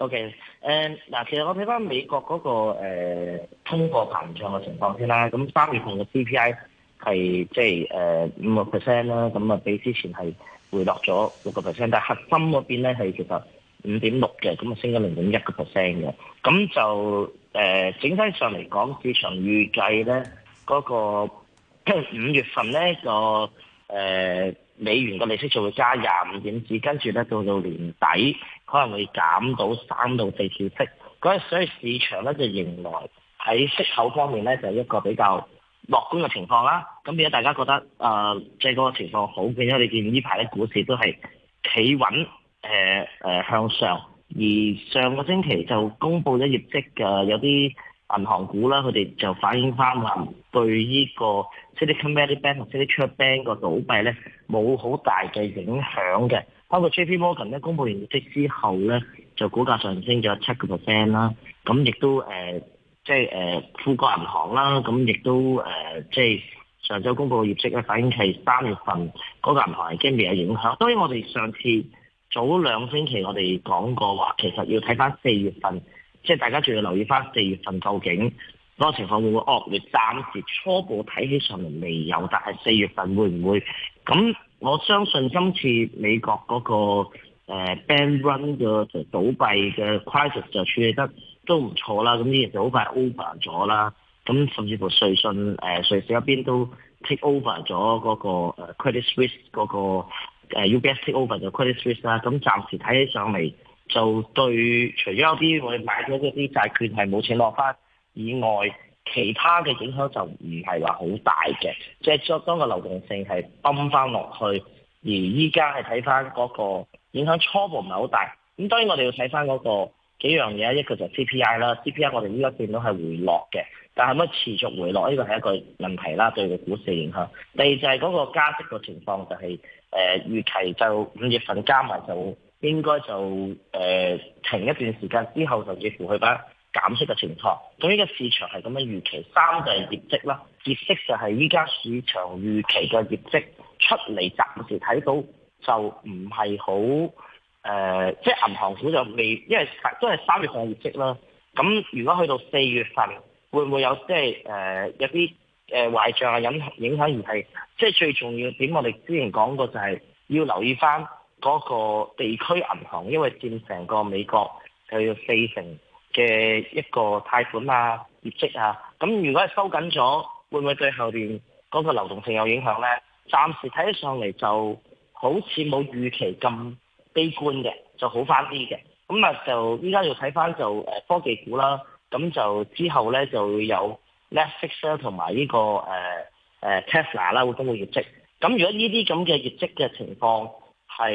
O.K. 誒、嗯、嗱，其實我睇翻美國嗰、那個、呃、通貨膨脹嘅情況先啦。咁三月份嘅 C.P.I 係即係誒五個 percent 啦。咁、就是呃、啊，那就比之前係回落咗六個 percent。但係核心嗰邊咧係其實五點六嘅，咁啊升咗零點一個 percent 嘅。咁就誒、呃、整體上嚟講，市場預計咧嗰個五月份咧就誒。那個呃美元個利息就會加廿五點子，跟住咧到到年底可能會減到三到四次息。咁所以市場咧就迎來喺息口方面咧就一個比較樂觀嘅情況啦。咁而且大家覺得誒即係個情況好嘅，因為你見呢排啲股市都係企穩誒誒、呃呃、向上，而上個星期就公布咗業績嘅有啲銀行股啦，佢哋就反映翻話，對個呢個 commercial bank 同 trade bank 個倒閉咧，冇好大嘅影響嘅。包括 JP Morgan 咧，公佈完業績之後咧，就股價上升咗七個 percent 啦。咁、嗯、亦都誒，即係誒富國銀行啦，咁、嗯、亦都誒，即、呃、係、就是、上週公佈嘅業績咧，反映係三月份嗰、那個銀行已經未有影響。所以我哋上次早兩星期我哋講過話，其實要睇翻四月份，即係大家仲要留意翻四月份究竟。多、那個、情況會，會惡劣，哦、你暫時初步睇起上嚟未有，但係四月份會唔會？咁我相信今次美國嗰、那個、呃、Bank Run 嘅、就是、倒閉嘅 crisis 就處理得都唔錯啦。咁呢嘢就好快 over 咗啦。咁甚至乎瑞信誒、呃、瑞士嗰邊都 take over 咗嗰個 Credit Suisse 嗰、那個誒、呃、UBS take over 就 Credit Suisse 啦。咁暫時睇起上嚟就對，除咗有啲我哋買咗嗰啲債券係冇錢落翻。以外，其他嘅影響就唔係話好大嘅，即、就、係、是、當個流動性係崩翻落去，而依家係睇翻嗰個影響初步唔係好大。咁當然我哋要睇翻嗰個幾樣嘢，一個就係 CPI 啦，CPI 我哋依家見到係回落嘅，但係咪持續回落，呢、這個係一個問題啦，對個股市影響。第二就係嗰個加息嘅情況，就係、是、誒、呃、預期就五月份加埋就應該就誒、呃、停一段時間之後就幾乎去啦。減息嘅情況，咁呢個市場係咁樣預期。三就係業績啦，業績就係依家市場預期嘅業績出嚟暫時睇到就唔係好誒，即係銀行股就未，因為都係三月份嘅業績啦。咁如果去到四月份，會唔會有即係誒有啲誒、呃、壞賬啊？影影響而係即係最重要。點我哋之前講過，就係要留意翻嗰個地區銀行，因為佔成個美國佢要四成嘅一個貸款啊、業績啊，咁如果係收緊咗，會唔會對後面嗰個流動性有影響咧？暫時睇得上嚟就好似冇預期咁悲觀嘅，就好翻啲嘅。咁啊，就依家要睇翻就科技股啦，咁就之後咧就有、這個啊啊、會有 Netflix 同埋呢個誒 Tesla 啦會公布業績。咁如果呢啲咁嘅業績嘅情況係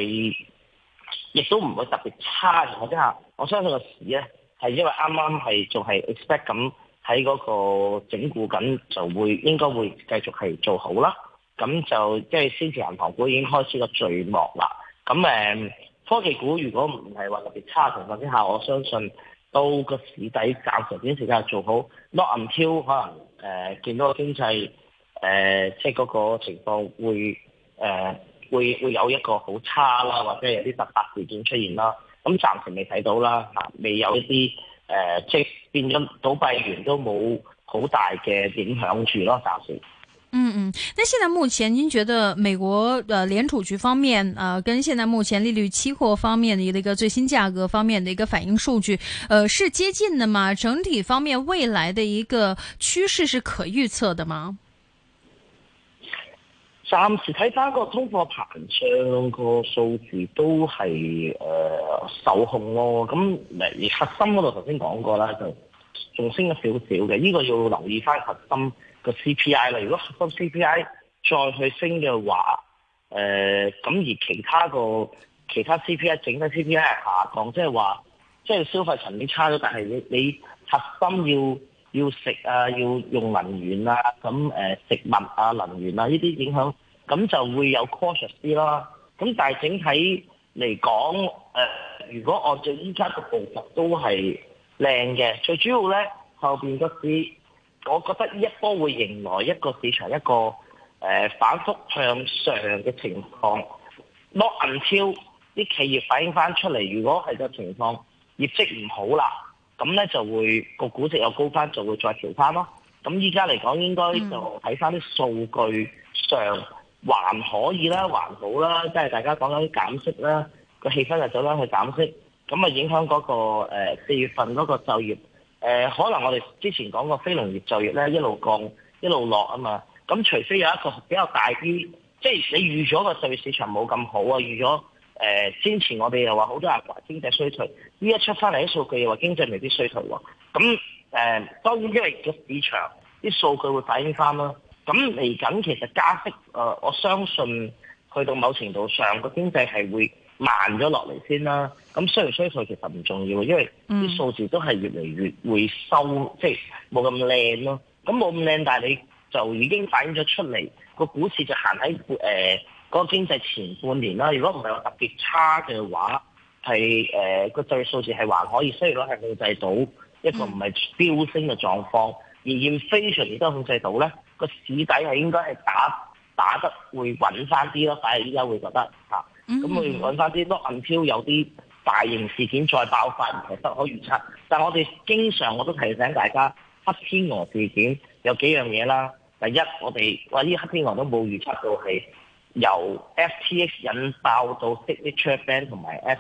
亦都唔會特別差嘅情況之下，我相信個市咧。係因為啱啱係仲係 expect 咁喺嗰個整固緊，就會應該會繼續係做好啦。咁就即係先前銀行股已經開始個序幕啦。咁誒、嗯、科技股如果唔係話特別差嘅情況之下，我相信到個市底暫時短時間做好。Not until 可能誒、呃、見到經濟誒、呃、即係嗰個情況會誒、呃、會會有一個好差啦，或者有啲突發事件出現啦。咁暫時未睇到啦，啊，未有一啲誒，即係變咗倒閉完都冇好大嘅影響住咯，暫時。嗯嗯，那現在目前您覺得美國嘅聯儲局方面，啊、呃，跟現在目前利率期貨方面嘅一個最新價格方面嘅一個反應數據，呃，是接近的嗎？整體方面未來嘅一個趨勢是可預測的嗎？暫時睇返個通貨膨脹個數字都係誒、呃、受控咯，咁而核心嗰度頭先講過啦，就仲升咗少少嘅，呢、這個要留意返核心個 CPI 啦。如果核心 CPI 再去升嘅話，誒、呃、咁而其他個其他 CPI 整體 CPI 係下降，即係話即係消費層面差咗，但係你你核心要。要食啊，要用能源啊，咁誒食物啊、能源啊呢啲影響，咁就會有 cautious 啲啦。咁但係整體嚟講，誒如果按照依家嘅步伐都係靚嘅，最主要咧後邊嗰啲，我覺得呢一波會迎來一個市場一個誒反覆向上嘅情況。攞銀超啲企業反映翻出嚟，如果係個情況，業績唔好啦。咁咧就會個估值又高翻，就會再調翻咯。咁依家嚟講，應該就睇翻啲數據上、嗯、還可以啦，還好啦，即係大家講緊減息啦，個氣氛就走翻去減息，咁啊影響嗰、嗰個四、呃、月份嗰個就業誒、呃，可能我哋之前講過非農業就業咧一路降一路落啊嘛。咁除非有一個比較大啲，即、就、係、是、你預咗個就業市場冇咁好啊，預咗。誒、呃、先前我哋又話好多人話經濟衰退，依家出翻嚟啲數據又話經濟未必衰退喎、啊。咁誒當然因為個市場啲數據會反映翻啦。咁嚟緊其實加息誒、呃，我相信去到某程度上個經濟係會慢咗落嚟先啦。咁衰唔衰退其實唔重要，因為啲數字都係越嚟越會收，即係冇咁靚咯。咁冇咁靚，但係你就已經反映咗出嚟個股市就行喺誒。呃那個經濟前半年啦、啊，如果唔係有特別差嘅話，係誒個對數字係還可以，雖然攞係控制到一個唔係飆升嘅狀況，mm-hmm. 而現非常之都控制到咧，個市底係應該係打打得會穩返啲咯。但而依家會覺得嚇，咁會穩返啲多銀票，until 有啲大型事件再爆發唔係不可預測。但我哋經常我都提醒大家，黑天鵝事件有幾樣嘢啦。第一，我哋話依黑天鵝都冇預測到係由 FTX 引爆到 Signature Bank 同埋 S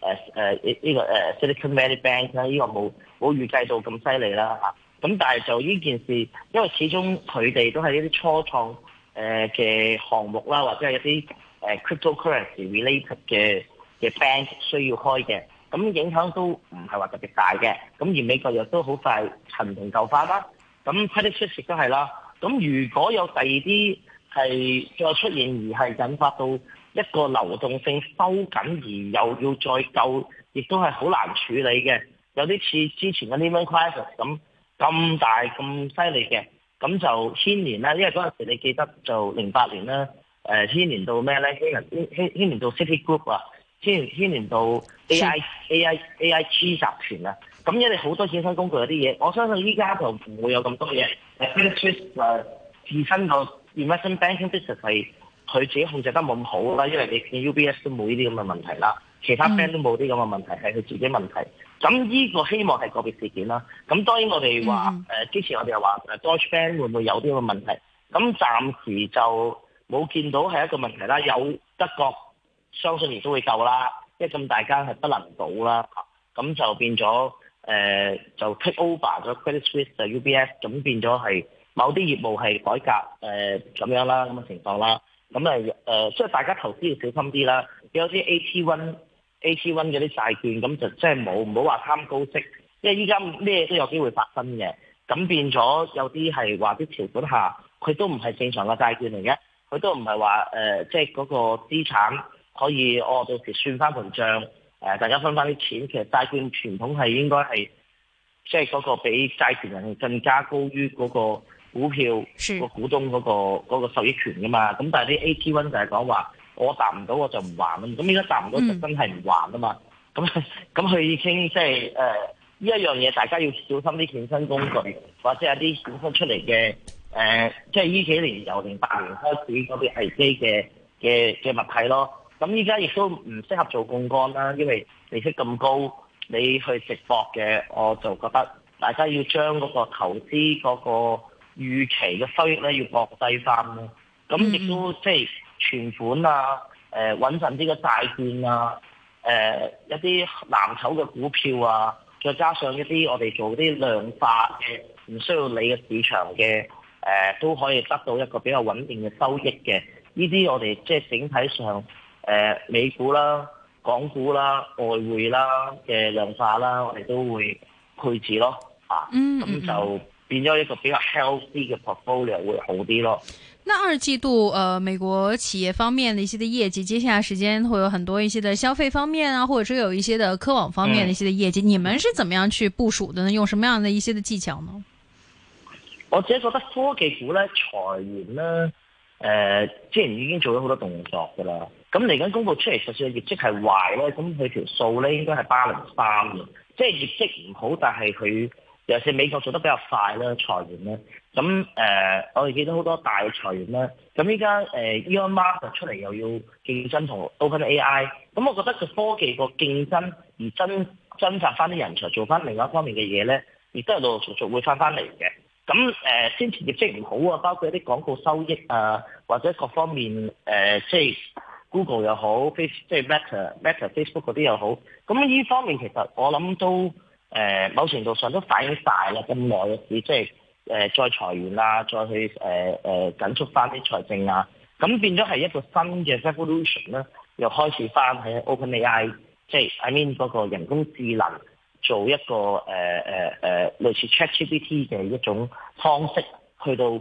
誒誒呢個誒 Silicon Valley Bank 咧，呢個冇冇預計到咁犀利啦嚇。咁但係就呢件事，因為始終佢哋都係一啲初創誒嘅、uh, 項目啦，或者係一啲誒 cryptocurrency related 嘅嘅 bank 需要開嘅，咁影響都唔係話特別大嘅。咁而美國又都好快尋平救化啦。咁 Citibank 都係啦。咁如果有第二啲，係再出現而係引發到一個流動性收緊，而又要再救，亦都係好難處理嘅。有啲似之前嘅 Lehman Crisis 咁咁大咁犀利嘅，咁就牽連啦。因為嗰陣時你記得就零八年啦，誒牽連到咩咧？牽連牽牽連到 Citigroup 啊，牽連牽到 AI a AIG 集團啊。咁因為好多衍生工具有啲嘢，我相信依家就唔會有咁多嘢。誒，呢自身個。而孖身 banking system 其實係佢自己控制得冇咁好啦，因為你你 UBS 都冇呢啲咁嘅問題啦，其他 bank 都冇啲咁嘅問題係佢、mm-hmm。自己問題。咁呢個希望係個別事件啦。咁當然我哋話誒之前我哋又話誒德國 bank 會唔會有啲咁嘅問題？咁暫時就冇見到係一個問題啦。有德國相信亦都會救啦，因為咁大間係不能倒啦。咁就變咗誒、呃、就 take over 咗 Credit Suisse 就 UBS，咁變咗係。某啲業務係改革，誒、呃、咁樣啦，咁嘅情況啦，咁係，誒、呃，所以大家投資要小心啲啦。有啲 AT1、AT1 嗰啲債券咁就即係冇，唔好話貪高息，因為依家咩嘢都有機會發生嘅。咁變咗有啲係話啲條款下，佢都唔係正常嘅債券嚟嘅，佢都唔係話誒，即係嗰個資產可以哦，到時算翻盤賬，誒、呃、大家分翻啲錢。其實債券傳統係應該係即係嗰個比債權人更加高於嗰個。股票個股東嗰個嗰個受益權㗎嘛，咁但係啲 AT1 就係講話，我達唔到我就唔還啦。咁依家達唔到就真係唔還啊嘛。咁咁佢已經即係誒、呢一樣嘢，大家要小心啲衍生工具，或者有啲衍生出嚟嘅誒，即係呢幾年由零八年開始嗰啲危機嘅嘅嘅物體咯。咁依家亦都唔適合做槓桿啦，因為利息咁高，你去直博嘅，我就覺得大家要將嗰個投資嗰個。預期嘅收益咧要落低翻咯，咁亦都即係存款啊，誒、呃、穩陣啲嘅債券啊，呃、一啲藍籌嘅股票啊，再加上一啲我哋做啲量化嘅唔需要理嘅市場嘅、呃、都可以得到一個比較穩定嘅收益嘅。呢啲我哋即係整體上、呃、美股啦、港股啦、外匯啦嘅量化啦，我哋都會配置咯，嗯嗯嗯啊，咁就。變咗一個比較 healthy 嘅 portfolio 會好啲咯。那二季度、呃，美國企業方面的一些嘅業績，接下來時間會有很多一些嘅消費方面啊，或者說有一些的科網方面的一些的業績，嗯，你們是怎麼樣去部署的呢？用什麼樣的一些的技巧呢？我自己覺得科技股咧，財源呢，誒、呃，之前已經做咗好多動作噶啦。咁嚟緊公布出嚟，實際業績係壞呢。咁佢條數咧，應該係八零三嘅，即係業績唔好，但係佢。尤其是美國做得比較快啦，裁員呢。咁誒、呃、我哋見到好多大嘅裁員啦。咁依家誒 Elon Musk 出嚟又要競爭同 Open AI，咁我覺得佢科技個競爭而真，爭扎翻啲人才做翻另外一方面嘅嘢咧，亦都係陸陸續續會翻翻嚟嘅。咁誒、呃、先前業績唔好啊，包括一啲廣告收益啊，或者各方面誒即係 Google 又好，即係 Meta、Meta Facebook 嗰啲又好，咁呢方面其實我諗都。誒、呃、某程度上都反映晒啦，咁耐嘅事，即係誒、呃、再裁員啦、啊，再去誒誒、呃呃、緊縮翻啲財政啊，咁變咗係一個新嘅 revolution 啦，又開始翻喺 OpenAI，即、就、係、是、I mean 嗰個人工智能做一個誒誒誒類似 ChatGPT 嘅一種方式，去到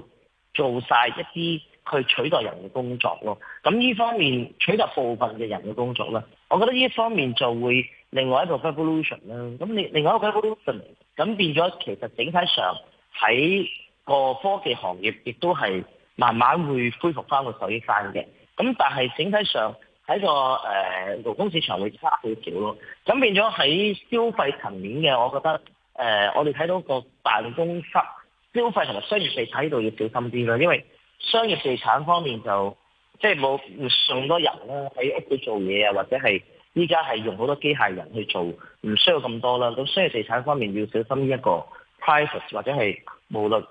做晒一啲去取代人嘅工作咯，咁呢方面取代部分嘅人嘅工作啦，我覺得呢方面就會。另外一個 revolution 啦，咁另另外一個 revolution，咁變咗其實整體上喺個科技行業亦都係慢慢會恢復翻個水返嘅，咁但係整體上喺個誒勞工市場會差好少咯，咁變咗喺消費層面嘅，我覺得誒、呃、我哋睇到個辦公室消費同埋商業地產呢度要小心啲啦，因為商業地產方面就即係冇咁多人啦喺屋企做嘢啊，或者係。依家係用好多機械人去做，唔需要咁多啦。咁所以地產方面要小心呢一個 price 或者係無論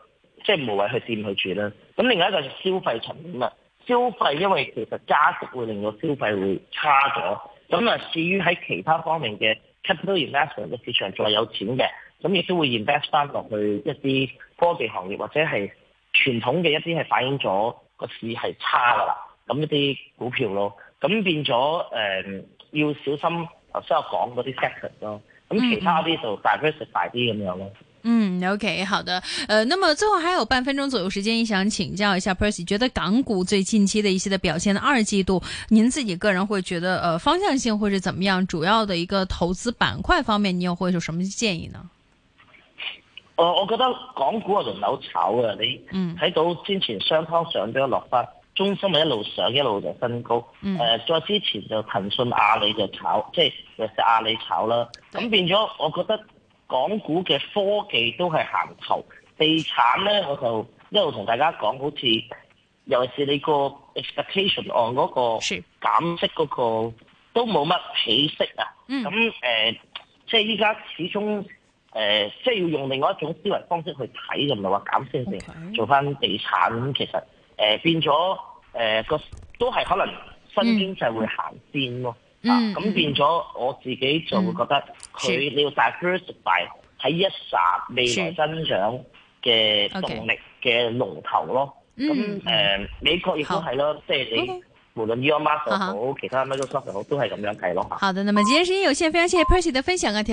即係、就是、無謂去佔去住啦。咁另外一個就係消費層面啦。消費因為其實加息會令到消費會差咗。咁啊，至於喺其他方面嘅 capital investment 嘅市場仲係有錢嘅，咁亦都會 invest 翻落去一啲科技行業或者係傳統嘅一啲係反映咗個市係差㗎啦。咁一啲股票咯，咁變咗要小心頭先我講嗰啲 sector 咯，咁其他啲就大概 e 大啲咁樣咯。嗯，嗯，OK，好的。呃，那麼最後還有半分鐘左右時間，想請教一下 Percy e 覺得港股最近期的一些的表現，二季度您自己個人會覺得，呃，方向性會係怎麼樣？主要的一個投資板塊方面，你又會有什麼建議呢？呃，我覺得港股係輪流炒嘅，你嗯睇到先前雙方上咗落班。嗯中心咪一路上一路就新高，誒、嗯呃、再之前就騰訊阿里就炒，即係就阿里炒啦。咁變咗，我覺得港股嘅科技都係行頭，地產咧，我就一路同大家講好似尤其是你 expectation on 個 expectation 案嗰個減息嗰個都冇乜起色啊。咁、嗯、誒、呃、即係依家始終誒、呃、即係要用另外一種思維方式去睇，就唔係話減息先做翻地產咁、嗯，其實。誒、呃，變咗誒、呃，個都係可能新經濟會行先咯、嗯，啊，咁變咗我自己就會覺得佢你要 diversify 喺一霎未來增長嘅動力嘅龍頭咯，咁誒、okay, 嗯呃，美國亦都係咯，嗯、即係你無論 UAM 也好，okay, 其他 Microsoft 也好，好好都係咁樣睇咯吓。好的，那麼今天時間有限，非常謝謝 Percy 的分享啊！